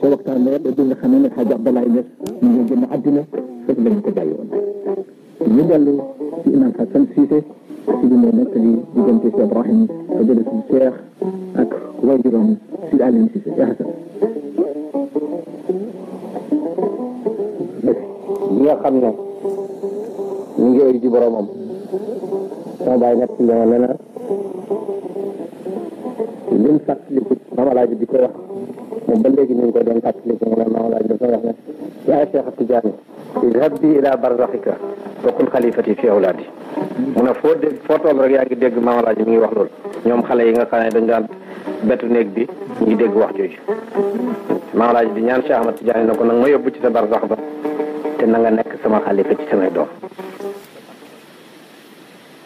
soo waxtaanee ba bi nga xamee ne xaaja Abdallah Niass mu ngi génn àddina foofu lañ ko bàyyi woon ñu dellu ci imam Hassan Cissé si li moo nekk li diggante si Ibrahim ak jële si Cheikh ak waajuram si Aline Cissé ya Hassan bi nga xam ne ñu ngi ëy ji boromam sama bàyyi nekk ci dama nee na lim fàttaliku mama laaji di ko wax boobu ba léegi ñu ngi ko doon fàttaliku mu ne maam laaj dafa wax ne yaa Cheikh Tidiane idhab bi ila barzaxika wa kun xalifati fi awlaadi mu ne foo dégg foo toll rek yaa ngi dégg maam laaj mi ngi wax loolu ñoom xale yi nga xam ne dañ daan bettu néeg bi ñu ngi dégg wax jooju maam laaj bi ñaan Cheikh Ahmad Tidiane na ko nag ma yóbbu ci sa barzax ba te na nga nekk sama xalifa ci samay doom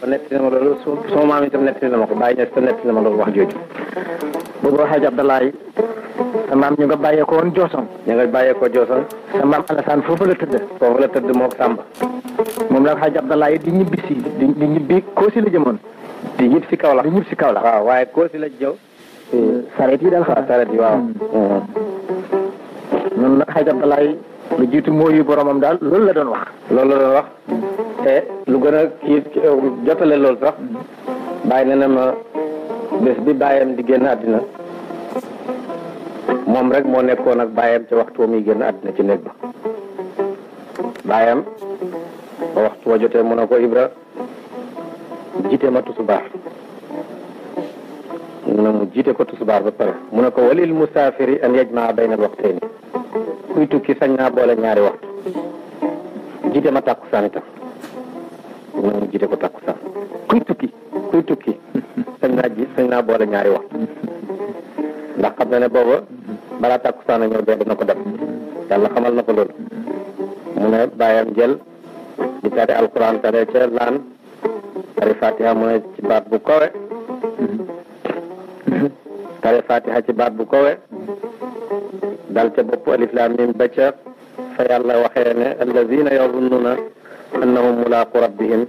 ba netti su sama maam itam netti na ma ko bàyyi ñes te netti na ma loolu wax jooju boobu waxee Abdalaay sa maam ñu nga bàyyeekoon ko woon Jooson ñu nga bàyyee ko Jooson sa maam Alassane foofu la tëdd foofu la tëdd mook Samba moom la xaj Abdallah yi di ñibbi si di ñibbi Koosi la jëmoon di ñib si Kaolack di ñib si Kaolack waaw waaye Koosi la jëw eh, sareet yi daal fa sareet yi waaw hmm. eh. noonu nag xaj Abdallah lu jiitu mooyu boromam daal loolu la doon wax loolu la doon wax hmm. te lu gën a kii eh, jotale loolu sax hmm. bàyyi na ne ma bés bi bàyyam di génn àddina moom rek moo nekkoon ak baayam ca waxtu wa muy génn addina ci néeg ba baayam ba waxtu wa jotee mu ne ko Ibra jiite ma tusubaar mu ne mu jiite ko tusubaar ba pare mu ne ko walil musaafiri an yajmaa bayna waxtayni kuy tukki sañ naa boole ñaari waxtu jiite ma tàkkusaan itam mu ne mu jiite ko tàkkusaan kuy tukki kuy tukki sañ naa ji naa boole ñaari waxtu ndax xam na ne booba balaa takkusaan a ñëw dee dina ko def yàlla xamal na ko loolu mu ne bàyyam jël di tari alquran tare ca laan tari fatiha mu ne ci baat bu kowe tari fatiha ci baat bu kowe dal ca bopp alif laam mim ba ca fa yàlla waxee ne allazina yazunnuna annahum mulaaqu rabbihim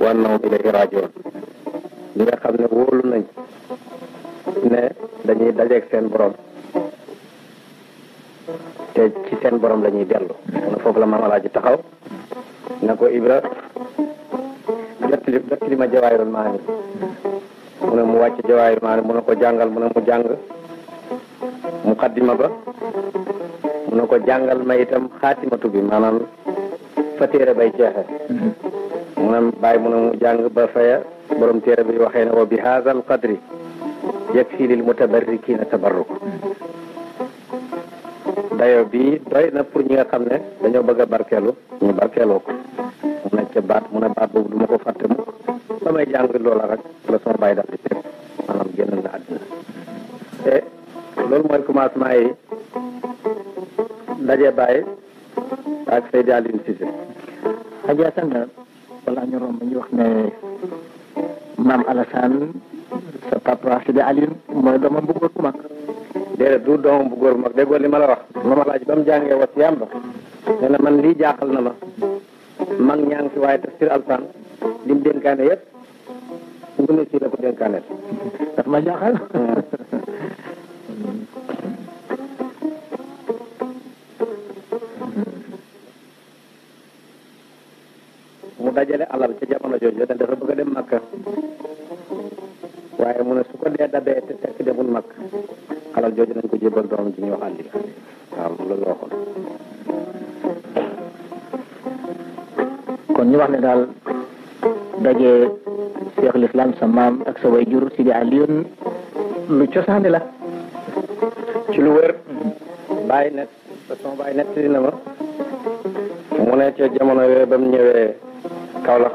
wa annahum ilayhi rajiun ñi nga xam ne wóolu nañ ne dañuy dajeeg seen borom te ci seen borom la ñuy dellu na foofu la maam ji taxaw na ko ibra jottali jottali ma jawaayul maani mu ne mu wàcc jawaayul maani mu ne ko jàngal mu ne mu jàng mu xaddima ba mu ne ko jàngal ma itam xaatimatu bi maanaam fa téere bay jeexe mu ne bàyyi mu ne jàng ba faya borom téere bi waxee ne ko bi haazal qadri yakfi lil mutabarrikina tabarruk dayo bii doy na pour ñi nga xam ne dañoo bëgg a barkeelu ñu barkeeloo ko mu ne ca mu ne baat boobu du ma ko fàtte mukk samay jàng loola rek la sama bay daal di teg maanaam génn na àddina te loolu mooy commencement yi ndaje bàyyi ak Seydi Aliou Cissé déggoo li mala wax mama laaj bam jange jàngee wasiyam ba nee man li jaxal na ma mag ñang ci fi tafsir alquran lim den kané yëpp ngi ne ci la ko den kané daf ma jaxal hmm. mu dajale alal ci jamono jojo te dafa bëgg dem makka waye mu ne su ko dé dabé te tekk demul makka xalal jooju nañ ko jébal doom ci ñu wax andi waaw lu la ñu waxoon kon ñu wax ne daal daje cheikh l'islam sa maam ak sa way jur sidi aliyun lu cosaane la ci lu wër bàyyi net façon bàyyi net si na ma mu ne ca jamono yooyu ba mu ñëwee kawlax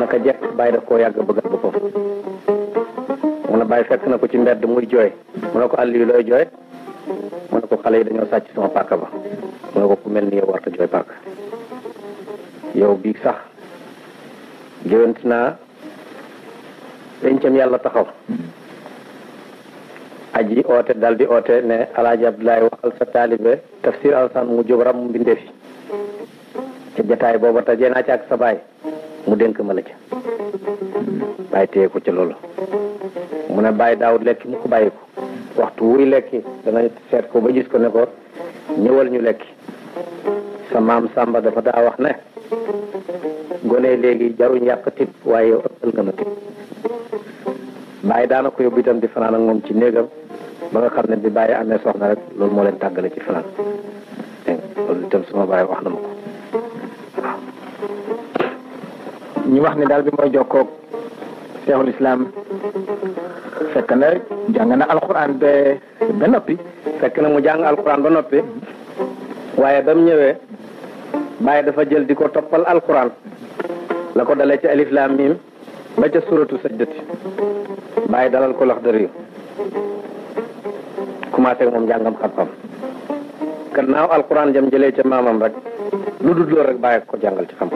naka jekk bàyyi daf koo yàgg bëggat ba foofu mu ne bàyyi fekk na ko ci mbedd muy jooy mu ne ko àll bi looy jooy mu ne ko xale yi dañoo sàcc sama paaka ba mu ne ko ku mel ni yow warta jooy paaka yow bii sax géwént naa pencam yàlla taxaw aji oote dal di oote ne alaaji abdoulaye waxal sa taalibe tafsir alsan mu jóg ram mbindee fi ca jataay booba tajee naa ci ak sa baay mu dénk ma la bàyyi téye ko ca loolu mu ne bàyyi daawut lekk mu ko bàyyi waxtu wuy lekki dana seet ko ba gis ko ne ko ñëwal ñu lekki sa maam sàmba dafa daa wax ne gone léegi jaruñ yàq tip waaye yow ëppal nga ma tip bàyyi daana ko di fanaan ak moom ci néegam ba nga xam ne bi bàyyi amee soxna rek loolu moo leen tàggale ci fanaan loolu itam suma bàyyi wax na ma ko ñu wax ne daal bi mooy jokkoog cheikhul islam fekk na jàng na alquran be ba noppi fekk na mu jàng alquran ba noppi waaye ba mu ñëwee bàyyi dafa jël di ko toppal alquran la ko dalee ci alif lam mim ba ca suratu sajdati bàyyi dalal ko de dëri commencé moom jàngam xam-xam gannaaw alquran jam jëlee ca maamam rek lu dul loolu rek bàyyi ko jàngal ci xam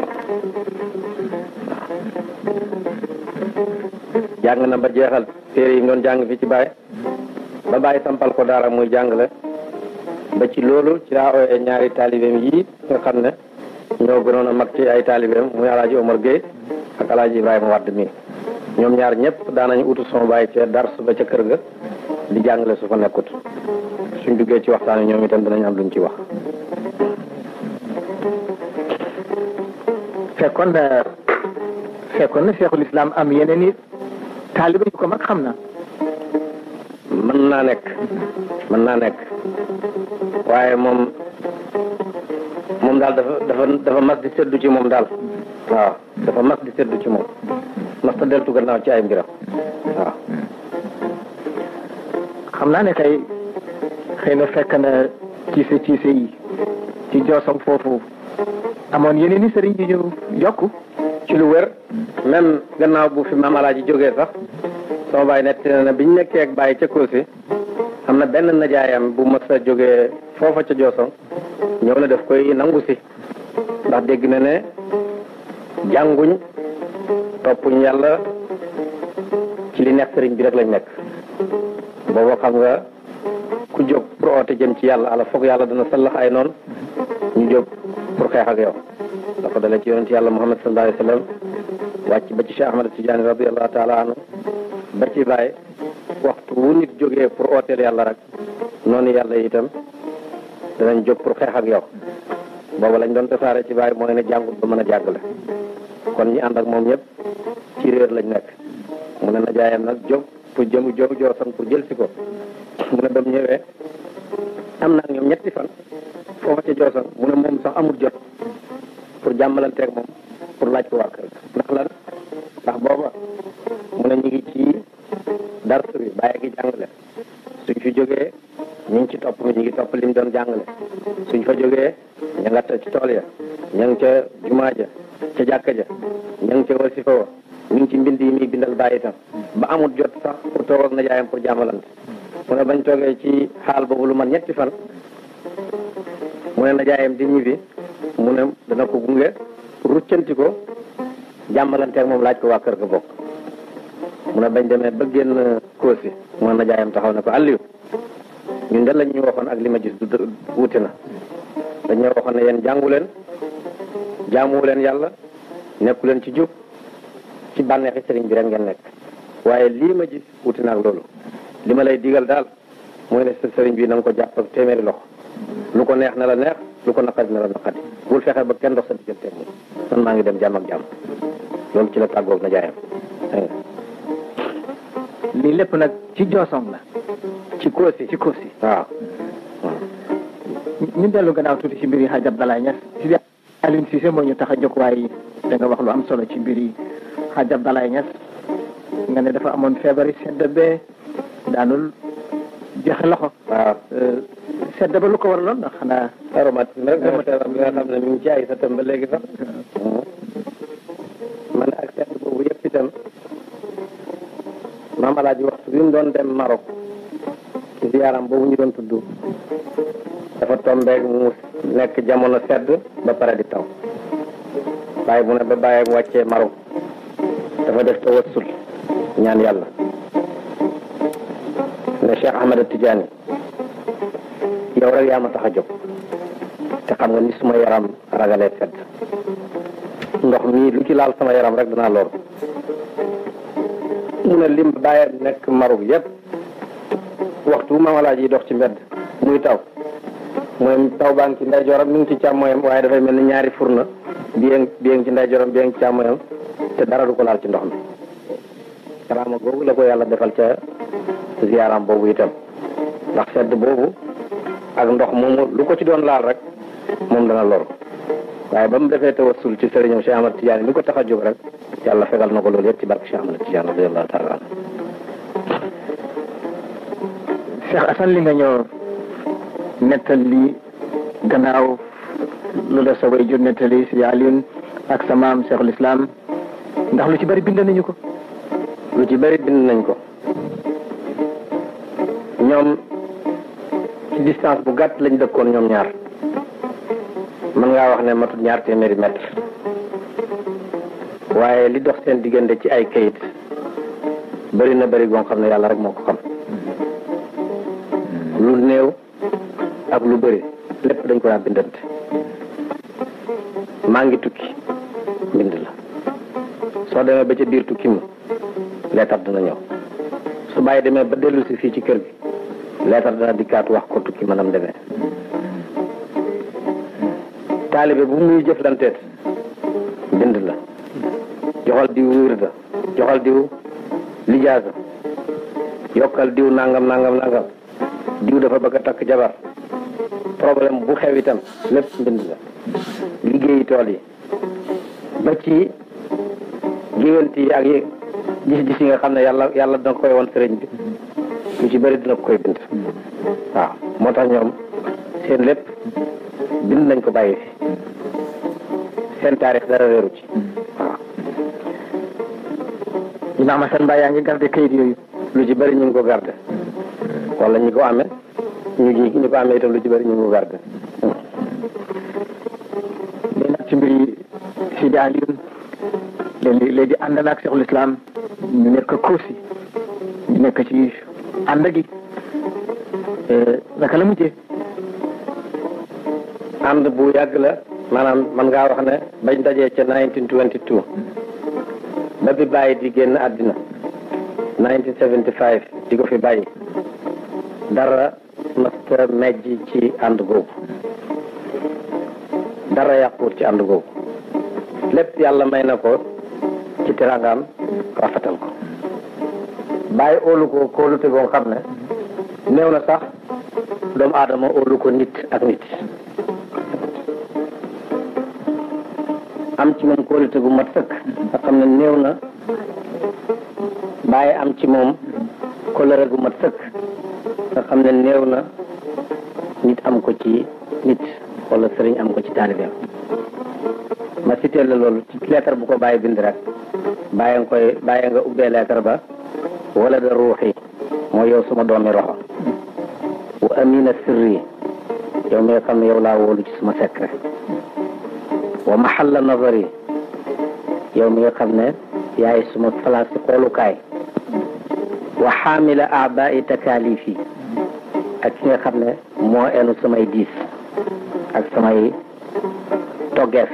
jàng na ba jeexal téere yi doon jàng fi ci Baye ba Baye sampal ko daara muy jàngale ba ci loolu ci laa ñaari taalibeem yi nga xam ne ñoo gënoon a mag ci ay taalibeem muy alaaji Omar Gueye ak alaaji Ibrahima Wadd mi ñoom ñaar ñëpp daanañu utu sama Baye ca dar ba ci kër ga di jàngale su fa nekkut suñ duggee ci waxtaan ñoom itam dinañ am luñ ci wax fekkoon na fekkoon na Cheikhul Islam am yeneen it taaliba bu ko mag xam na mën naa nekk mën naa nekk waaye moom moom daal dafa dafa dafa mas di seddu ci moom daal waaw dafa mas di seddu ci moom mas ta deltu gannaaw ci ay mbiram waaw xam naa ne kay xëy na fekk na ciise ciise yi ci joosam foofu amoon yeneen i sëriñ yi ñu yokku ci lu wér même gannaaw bu fi maam alaaji jógee sax sama baay nett na biñ nekkee ak bàyyi ca Kossy am na benn najaayam bu mës a jógee foofa ca Jooso ñëw na def koy nangu si ndax dégg na ne jànguñ toppuñ yàlla ci li neex sëriñ bi rek lañ nekk booba xam nga ku jóg pour oote jëm ci yàlla ala foog yàlla dana sallax ay noonu ñu jóg pour xeex ak yow la ko dalee ci yàlla Muhammad sallallahu alayhi wa sallam ba ci Cheikh Ahmad Tidiane radiyallahu taala anhu ba ci Baye waxtu wu nit jógee pour ooteel yàlla rek noonu yàlla itam danañ jóg pour xeex yow boobu lañ doon tasaare ci Baye mooy ne jàngut ba mën a jàngale kon ñi ànd ak moom ñëpp ci réer lañ nekk mu ne najaayam nag jóg pour jëmu jow joo san pour jël si ko mu ne bam ñëwee am na ñoom ñetti fan foofa ca joosan mu ne moom sax amul jot pour jàmmalante ak moom pour laaj ko waa kër ndax lan ndax booba mu ne ñu ngi ci darsu bi bàyyi gi suñ fi jógee ñu ngi ci topp mi ñu ngi topp lim doon jàngale suñ fa jógee ña nga ci tool ya ña ngi ca jumaa ja ca jàkka ja ña ngi ca wasifa wa ñu ngi ci mbind yi muy bindal bàyyi tam ba amul jot sax pour toog ak najaayam pour jàmmalante mu ne bañ toogee ci xaal boobu lu man ñetti fan mu ne najaayam di ñibbi mu ne dana ko gunge ruccanti ko jàmmalanteeg moom laaj ko waa kër ga bokk mu ne bañ demee ba génn koosi mën na jaayam taxaw ne ko Aliou ñun de ñu waxoon ak li ma gis du wuute na dañ ñoo waxoon ne jàngu leen jaamuwu leen yàlla nekku leen ci jub ci bànneexi sëriñ bi rek ngeen nekk waaye lii ma gis wuute na loolu li ma lay digal daal mooy ne sa sëriñ bi na ko jàpp ak téeméeri loxo lu ko neex na la neex lu ko naqari na la naqari bul fexal ba kenn dox sa digeenté mo man ma ngi dem jàmm ak jàmm lolou ci la taggo na jaayam li lepp nak ci joosong la ci kosi ci kosi waaw ñu delu gënaaw tuti ci mbiri yi Hadj Abdallah ci ya? alim ci sé mo ñu tax a way da nga wax lu am solo ci mbiri yi Hadj Abdallah Niass ya? nga ne dafa amone feebari sedd bee daanul joxe loxo waaw sedd ba lu ko waraloon ndax xanaa aromatisme rek sama teram bi nga xam ne mi ngi ci ay satam ba léegi sax man ak sedd boobu yëpp itam maam alaaji waxtu bi mu doon dem Maroc ci ziyaaram boobu ñu doon tudd dafa tombeeg mu nekk jamono sedd ba pare di taw bàyyi bu ne ba bàyyi wàccee Maroc dafa def tawassul ñaan yàlla ne Cheikh Ahmed Tidiane yow rek yaa ma tax a jóg te xam nga ni suma yaram ragalee sedd ndox mii lu ci laal sama yaram rek danaa lool mu ne lim bàyyam nekk marug yépp waxtu bu ma laaj yi dox ci mbedd muy taw mooy taw baa ngi ci ndeyjooram mu ngi ci càmmoyam waaye dafay mel ni ñaari furna bien bien ci ndeyjooram bien ci càmmoyam te dara du ko laal ci ndox mi karaama googu la ko yàlla defal ca ziaram boobu itam ndax sedd boobu ak ndox moom lu ko ci doon laal rek moom dana lor waaye ba mu defee tawassul ci sëriñam Cheikh Ahmad Tidiane mi ko tax a jóg rek yàlla fegal na ko loolu yëpp ci barke Cheikh Ahmad Tidiane radiyallahu taala Cheikh Assane li nga ñëw nettal li gannaaw lu la sa jur nettali si Alioune ak sa maam Cheikhul Islam ndax lu ci bari bind nañu ko lu ci bari bind nañ ko ñoom ci distance bu gàtt lañ dëkkoon ñoom ñaar mën ngaa wax ne matut ñaar téeméeri mètre waaye li dox seen diggante ci ay kayit bari na bari goo xam ne yàlla rek moo ko xam lu néew ak lu bari lépp dañ ko daa bindante maa ngi tukki mbind la soo demee ba ca biir tukki leetar dana ñëw su bàyyi demee ba dellu si fii ci kër gi leetar dana dikkaat wax ko tukki manam demee taalibe bu muy jëflanteet bind la joxal diw wirda joxal diw lijaasa yokkal diw nangam nangam nangam diw dafa bëgg a takk jabar problème bu xew itam lépp mbind la liggéeyi tool yi ba ci géwénti yi ak yi gis-gis yi nga xam ne yàlla yàlla danga koy woon sëriñ bi lu ci bëri dina ko koy bind waaw moo tax ñoom seen lépp bind nañ ko bàyyi fi seen taarix dara réeru ci waaw Imaam Asan Ba ngi garde kayit yooyu lu ci bari ñu ngi ko garde wala ñi ko amee ñu ngi ko amee itam lu ci bëri ñu ngi ko garde li nag ci mbir yi Sidi Alioune léegi léegi ànd na ak Cheikhul ñu nekk Kousi ñu nekk ci ànd gi euh, naka la mujjee ànd bu yàgg la maanaam man ngaa wax ne bañ dajee ca 1922 ba bi bàyyi di génn àddina 1975 di ko fi bàyyi dara masta mejj ci ànd googu dara yàquut ci ànd googu lépp yàlla may na ko ci teraangaam rafetal ko bàyyi óolu ko kóolute boo xam ne néew na sax doomu aadama óolu ko nit ak nit am ci moom kóolute gu mat sëkk nga xam ne néew na bàyyi am ci moom kóllëre gu mat sëkk nga néew na nit am ko ci nit wala sëriñ am ko ci taalibeem ma cité la loolu ci bu ko bàyyi bind rek bàyyi nga koy bàyyi nga ubbee lettre ba ولد روحي مو يوسم دومي روح وامين السري يوم يقام يولا ولد جسم سكر ومحل نظري يوم يقام يا اسم الثلاث قولك وحامل اعباء تكاليفي اكني خبنا مو انو سمي ديس اكسمي توقف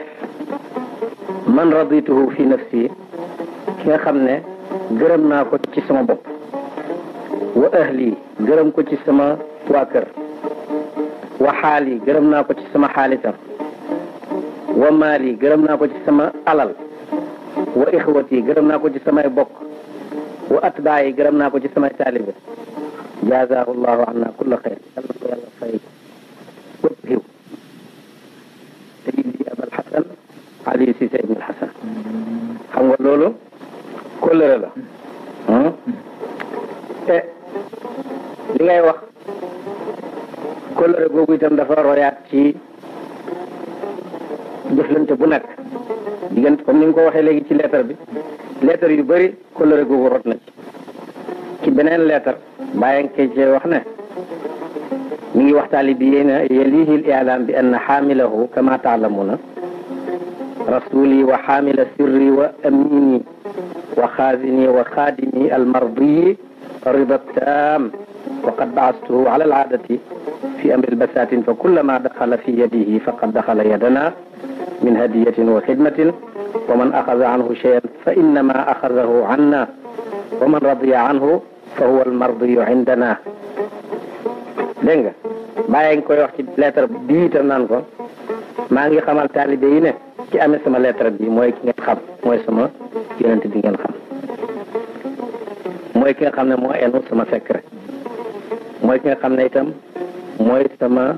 من رضيته في نفسي كي خبنا gërëm naa ko ci sama bopp wa ahli gërëm ko ci sama waa kër wa xaali gërëm naa ko ci sama xaalisam wa maali gërëm naa ko ci sama alal wa ixwati gërëm naa ko ci samay bokk wa atbaayi gërëm naa ko ci samay taalibe jazaahu llahu anna kulla xayr yàlla ko yàlla fay الطالبين يليه الإعلام بأن حامله كما تعلمون رسولي وحامل سري وأميني وخازني وخادمي المرضي الرضا التام وقد بعثته على العادة في أمر البسات فكلما دخل في يده فقد دخل يدنا من هدية وخدمة ومن أخذ عنه شيئا فإنما أخذه عنا ومن رضي عنه فهو المرضي عندنا bàyyi ngi koy wax ci lettre bi itam naan ko maa ngi xamal taalibe yi ne ci amee sama lettre bi mooy ki ngeen xam mooy sama yonent bi ngeen xam mooy ki nga xam ne moo enu sama fekk mooy ki nga xam ne itam mooy sama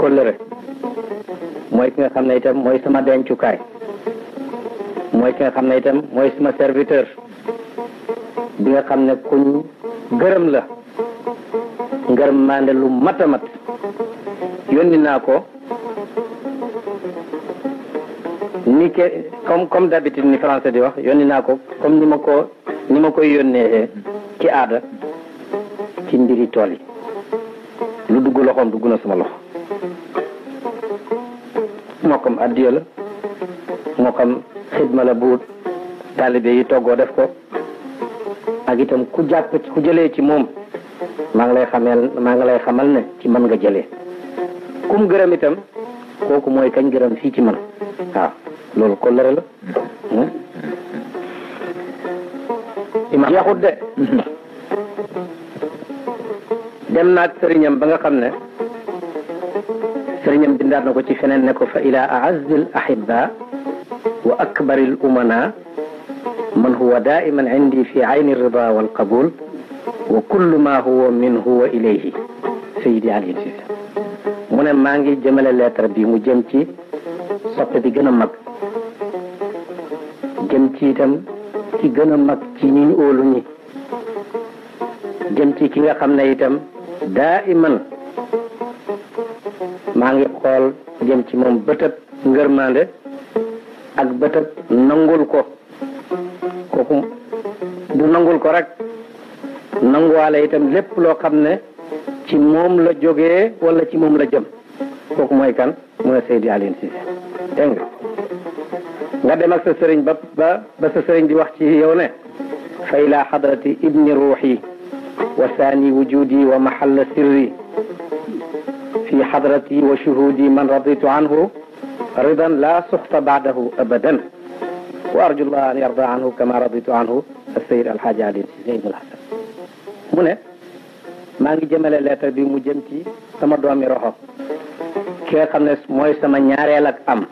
kóllëre mooy ki nga xam ne itam mooy sama dencukaay mooy ki nga xam ne itam mooy sama serviteur bi nga xam ne kuñ gërëm la ngarmande lu mat a mat yónni naa ko ni ke comme comme d'habitude ni français di wax yónni naa ko comme ni ma ko ni ma koy yónnee ci aada ci mbiri tool yi lu dugg loxoom dugg na suma loxo moo xam addiya la moo xam xidma la bu taalibe yi toggoo def ko ak itam ku jàpp ku jëlee ci moom maa ngi lay xameel maa ngi lay xamal ne ci man nga kum gërëm itam kooku mooy kañ gërëm fii ci man waaw loolu kollëre la jeexut de dem naag sëriñam ba nga na ci ne ko fa ila aazil ahibba wa akbaril umana man huwa daiman indi fi ayni rida wal qabul wa kullu ma huwa minhu wa ilayhi Seydi Aliou Cissé mu ne maa ngi jëmale lettre bi mu jëm ci soppe bi gëna a mag jëm ci itam ki gën a mag ci ñi ñu óolu jëm ci ki nga xam ne itam daa iman maa ngi xool jëm ci moom bëtëb ngërmande ak bëtëb nangul ko kooku du nangul ko rek nanguwaale itam lépp loo xam ci moom la joge wala ci moom la jëm kooku mooy kan mooy Seydi Alioune Cissé dégg nga nga dem ak sa sëriñ ba ba ba sa sëriñ di wax ci yow ne fa ila xadrati ibni ruuxi wa saani wujudi wa mahalla sirri fi hadrati wa shuhudi man raditu anhu ridan la suxta baadahu abadan وارجو الله ان يرضى عنه كما رضيت عنه السيد الحاج علي بن الحسن mu ne maa ngi jëmale lettre bi mu jëm ci sama doomi roxo ki nga xam ne mooy sama ñaareel ak am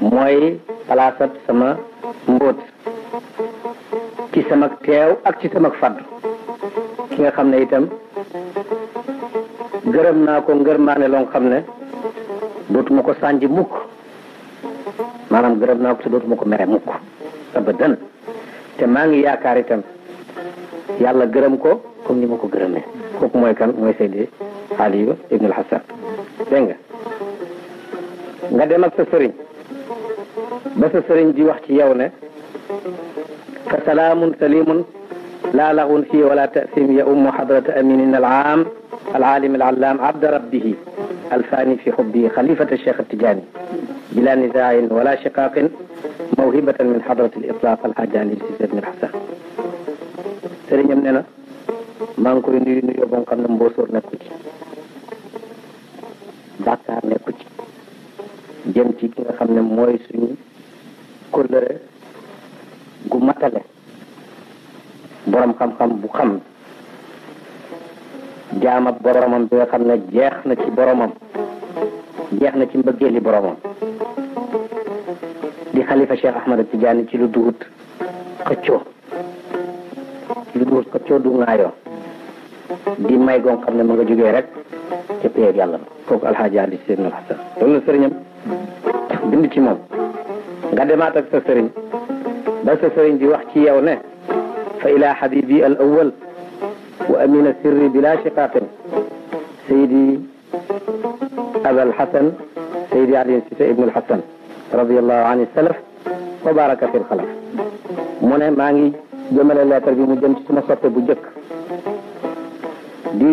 mooy palaasab sama mbóot ci sama teew ak ci sama faddu ki nga xam ne itam gërëm naa ko ngërmaane loo xam ne dootuma ko sànj mukk maanaam gërëm naa ko te dootuma ko mere mukk abadan te maa ngi yaakaar itam yàlla gërëm ko comme ni ma ko gërëmee kooku mooy kan mooy Seydi Aliyu Ibnul Hasan dégg nga nga dem ak sa sëriñ ba sa sëriñ di wax ci yow ne fa salaamun salimun laa laxun fii wala tasim ya ummu xadrata aminina al aam العالم العلام عبد ربه الفاني في حبه خليفة الشيخ التجاني بلا نزاع ولا شقاق موهبة من حضرة الإطلاق الحاج علي بن الحسن sëriñam ne na maa ngi koy nuyu nuyoo ba nga xam ne mbóosóor nekku ci bàkkaar nekku ci jëm ci ki nga xam ne mooy suñu kóllëre gu matale boroom xam-xam bu xam jaam ak boromam bi nga xam ne jeex na ci boromam jeex na ci mbëggeeli boromam di xalifa Cheikh Ahmad Tidiane ci lu dugut xëccoo lu dul ko coodu ngaayoo di may goo xam ne ma nga jógee rek ca péer yàlla ma kooku alxaaji ali seydina alxasan loolu la sëriñam bind ci moom nga demaat ak sa sëriñ ba sa sëriñ di wax ci yow ne fa ila habibi al awal wa amina sirri bila shiqaqin saydi abal hasan saydi ali sita ibnu alxasan radiallahu an salaf wa baraka fi lxalaf mu ne maa jëmale lettre bi mu jëm ci suma soppe bu jëkk di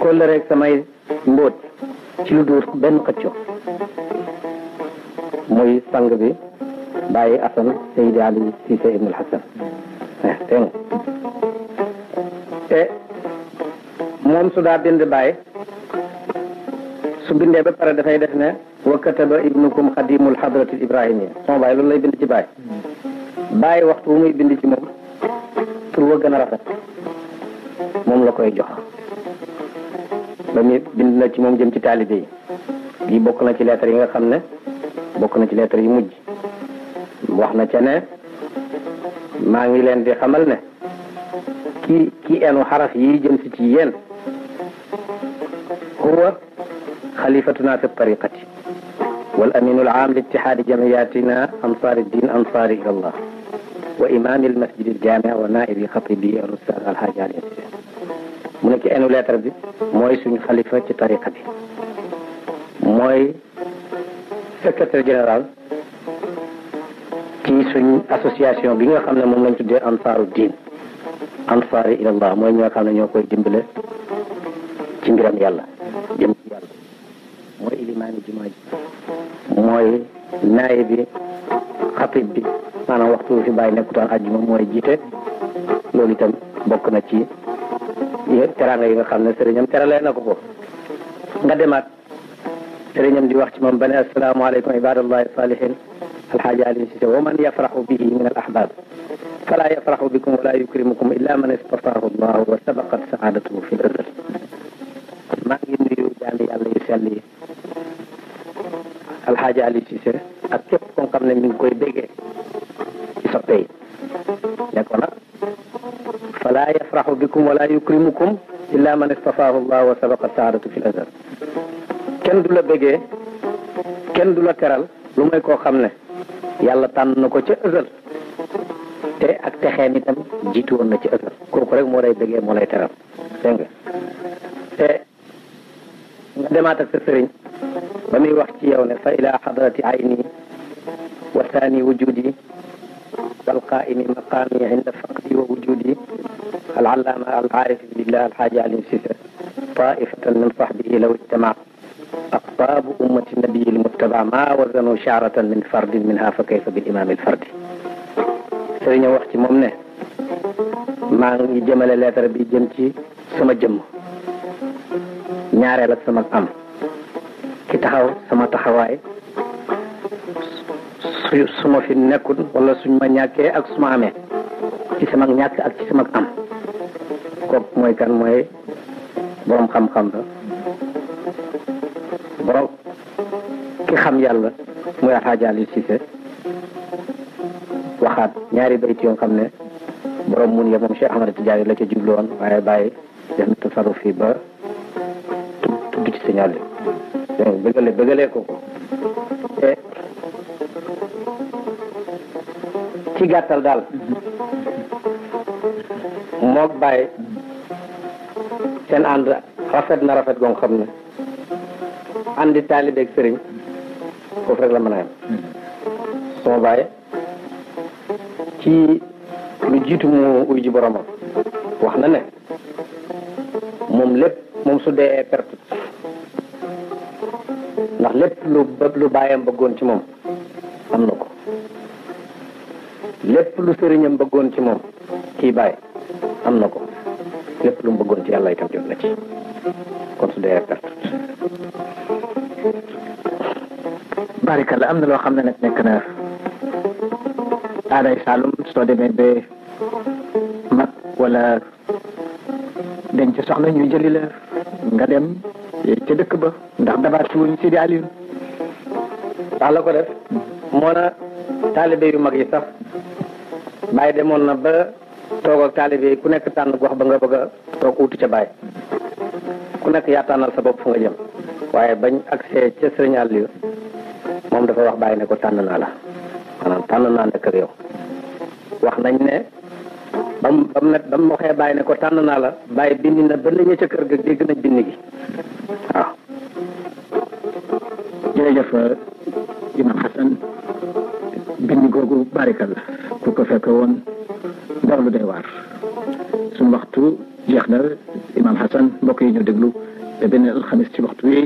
kóllëre ak samay mbóot ci lu duur benn xëcco muy sang bi bàyyi asan Seydi Ali Cissé ibnul Hasan teng eh, te moom su daa bind bàyyi su bindee ba pare dafay def ne wa kataba ibnukum xadimul hadratil ibrahimiya sama bàyyi loolu lay bind ci bàyyi باي وقت بومي بندي جمع تروى جنا رفت مم لكو يجوها بمي بندنا جمع جمع تالي دي دي بوكنا تلا ترينغا خمنا بوكنا تلا تري موج وحنا تنا ما نيلن دي خملنا كي كي أنو حرف يجن سجيان هو خليفتنا في الطريقة والأمين العام لاتحاد جمعياتنا أنصار الدين أنصاره الله وإمام المسجد الجامع ونائب خطيبي الأستاذ الحاج علي السلام منك أنا لا تربي موي سوني خليفة طريقة بي موي سكرتير جنرال كي سوني أسوسياسيون بيغا خامل مملن تدير أنصار الدين أنصار إلى الله موي ميغا خامل نيوكوي ديمبلة تنجرم يالله ديمبلة يالله موي إلي ماني جماجي موي نائبي خطيبي maanaam waxtu fi bàyyi nekkutoon àjjuma mooy jiite loolu itam bokk na ci teraanga yi nga xam ne sëriñam teralee na ko ko nga demaat sëriñam di wax ci moom ba ne asalaamaaleykum ibadallahi salihin alxaaji Alioune Cissé wa man yafraxu bihi min al ahbab fala yafraxu bikum wala yukrimukum illa man istataahu allah wa sabaqat saadatuhu fi l azal maa ngi nuyu jaami yàlla yu sell yi alxaaji Alioune Cissé ak képp ko xam ne mi ngi koy béggee الشقين فلا يفرح بكم ولا يكرمكم إلا من استطاعه الله وسبق السعادة في الأزل كن دولا بيجي كن دولا كرال لما يكو خمنا يالا تان نكو چه أزل تي اك تخيني تم جيتو ونا چه أزل كور كوريك مولاي بيجي مولاي ترام سنگ تي دماتك سسرين بمي وقتي يوني فإلى حضرتي عيني وثاني وجودي والقائم مقامي عند فقدي ووجودي العلامة العارف بالله الحاج علي سفر طائفة من صحبه لو اجتمع أقطاب أمة النبي المتبع ما وزنوا شعرة من فرد منها فكيف بالإمام الفردي سرين وقت ممنه ما جمل لا تربي جمتي سما جم نعرى لك sama am كتحو taxaw تحوائي suma fi nekkul wala suñ ma ñàkkee ak suma ma amee ci sama ñàkk ak ci sama am kooku mooy kan mooy borom xam-xam la borom ki xam yàlla muy alxaajaal ci fe waxaat ñaari bayt yoo xam ne borom mun ya moom cheikh ahmad tidiane la ca jublu woon waaye bàyyi def na tasaruf yi ba tudd ci signal bi bëggale bëggale ko ko ci gàttal daal moog Baye seen ànd rafet na rafet goo xam ne àndi taalibe ak sëriñ foofu rek la mën a yem sama Baye ci lu jiitu mu uy ji boromam wax na ne moom lépp moom su dee perte ndax lépp lu lu bëggoon ci moom am na ko lépp lu sëriñam bëggoon ci moom kii baay am na ko lépp lu mu bëggoon ci yàlla itam jot na ci kon su am na loo xam ne nag nekk na aaday Saalum soo demee ba mag wala denc soxna ñu jëli la nga dem ca dëkk ba ndax dabaat si wuñ Sidi Aliou. la ko def hmm. moo na taalibe yu mag yi sax bàyyi demoon na ba toog ak taalibe yi ku nekk tànn gox ba nga bëgg a toog uuti ca bàyyi ku nekk yaa tànnal sa bopp fu nga jëm waaye bañ accès ca sëriñ Aliou moom dafa wax bàyyi ne ko tànn naa la maanaam tànn naa nekk ak yow wax nañ ne bam bam ne bam waxee bàyyi ne tànn naa la bàyyi bindi na ba nañu ca kër ga dégg nañ bind gi waaw bind googu barikal ku ko fekke woon dara lu day waar suñu waxtu jeex na imaam Hassan mbokk yi ñu déglu te benn alxamis ci waxtu wi